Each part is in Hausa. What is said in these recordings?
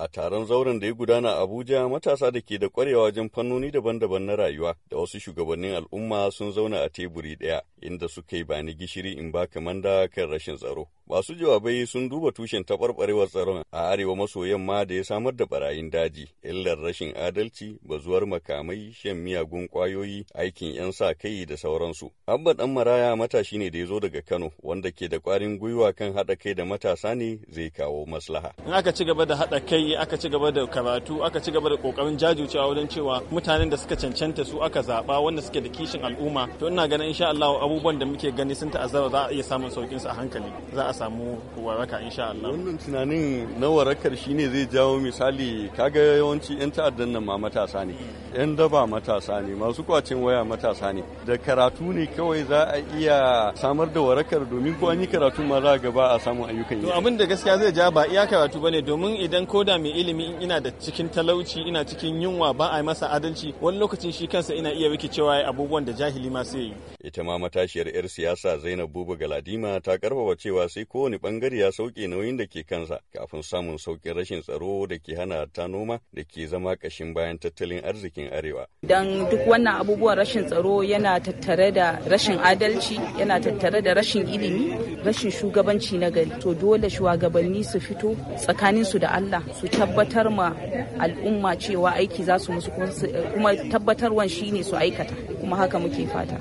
A taron zauren da ya gudana Abuja, matasa da ke da kwarewa wajen fannoni daban-daban na rayuwa da wasu shugabannin al'umma sun zauna a teburi ɗaya inda suka yi bani gishiri in ba kamanda kan rashin tsaro. Masu jawabai sun duba tushen taɓarɓarewar tsaron a arewa maso yamma da ya samar da barayin daji, illar rashin adalci, bazuwar makamai, shan miyagun ƙwayoyi, aikin 'yan sa kai da sauransu. Abba ɗan maraya matashi ne da ya zo daga Kano, wanda ke da ƙwarin gwiwa kan haɗa kai da matasa ne zai kawo maslaha. In aka ci gaba da haɗa kai, aka ci gaba da karatu, aka ci gaba da ƙoƙarin jajircewa wajen cewa mutanen da suka cancanta su aka zaɓa wanda suke da kishin al'umma, to ina ganin insha Allah abubuwan da muke gani sun ta'azzara za a iya samun saukinsu a hankali za a samu waraka insha Allah wannan tunanin na warakar shine zai jawo misali kaga yawanci yan ta'addan nan ma matasa ne yan daba matasa ne masu kwacin waya matasa ne da karatu ne kawai za a iya samar da warakar domin ko an yi karatu ma za a gaba a samu ayyukan yi to abin da gaskiya zai ja ba iya karatu bane domin idan koda mai ilimi ina da cikin talauci ina cikin yunwa ba a yi masa adalci wani lokacin shi kansa ina iya rikicewa abubuwan da jahili ma sai yi ita ma mata matashiyar 'yar siyasa Zainab Buba Galadima ta karfafa cewa sai kowane bangare ya sauke nauyin da ke kansa kafin samun saukin rashin tsaro da ke hana ta noma da ke zama kashin bayan tattalin arzikin Arewa. Dan duk wannan abubuwan rashin tsaro yana tattare da rashin adalci, yana tattare da rashin ilimi, rashin shugabanci na gari. To dole shugabanni su fito tsakanin su da Allah su tabbatar ma al'umma cewa aiki za su musu kuma tabbatarwan shine su aikata. Kuma haka muke fata.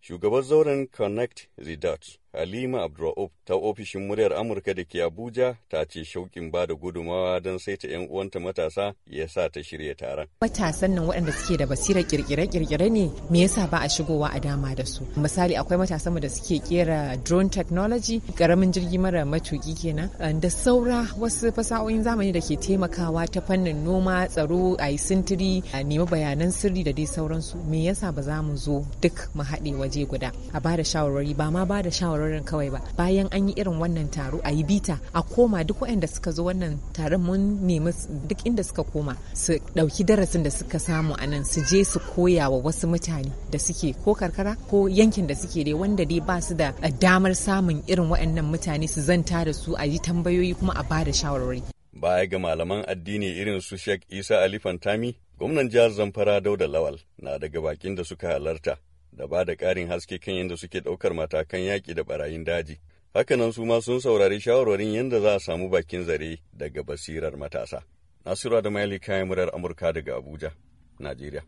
Shugaban And connect the dots. Halima Abdur'auf ta ofishin muryar Amurka da ke Abuja ta ce shauƙin ba da gudumawa don saita 'yan uwanta matasa ya sa ta shirya taron. Matasan nan waɗanda suke da basirar kirkire-kirkire ne me yasa ba a shigowa a dama da su. Misali akwai matasan da suke kera drone technology karamin jirgi mara matuki kenan eh, da saura wasu fasahohin zamani da ke taimakawa ta fannin noma tsaro a yi sintiri a nemi bayanan sirri da dai sauransu me yasa ba za mu zo duk mu haɗe waje guda a ba da shawarwari ba ma ba da shawarwari wurin kawai ba bayan an yi irin wannan taro a yi bita a koma duk waɗanda suka zo wannan taron mun nemi duk inda suka koma su ɗauki darasin da suka samu a nan su je su koya wa wasu mutane da suke ko karkara ko yankin da suke dai wanda dai ba su da damar samun irin waɗannan mutane su zanta da su a yi tambayoyi kuma a bada shawarwari. Baya ga malaman addini irin su Sheikh Isa Ali Fantami, gwamnan jihar Zamfara Dauda Lawal na daga bakin da suka halarta. da ba da ƙarin haske kan yadda suke ɗaukar matakan yaƙi da barayin daji. Hakanan su ma sun saurari shawarwarin yadda za a samu bakin zare daga basirar matasa. Nasiru Adamu Ali kayan murar Amurka daga Abuja, Najeriya.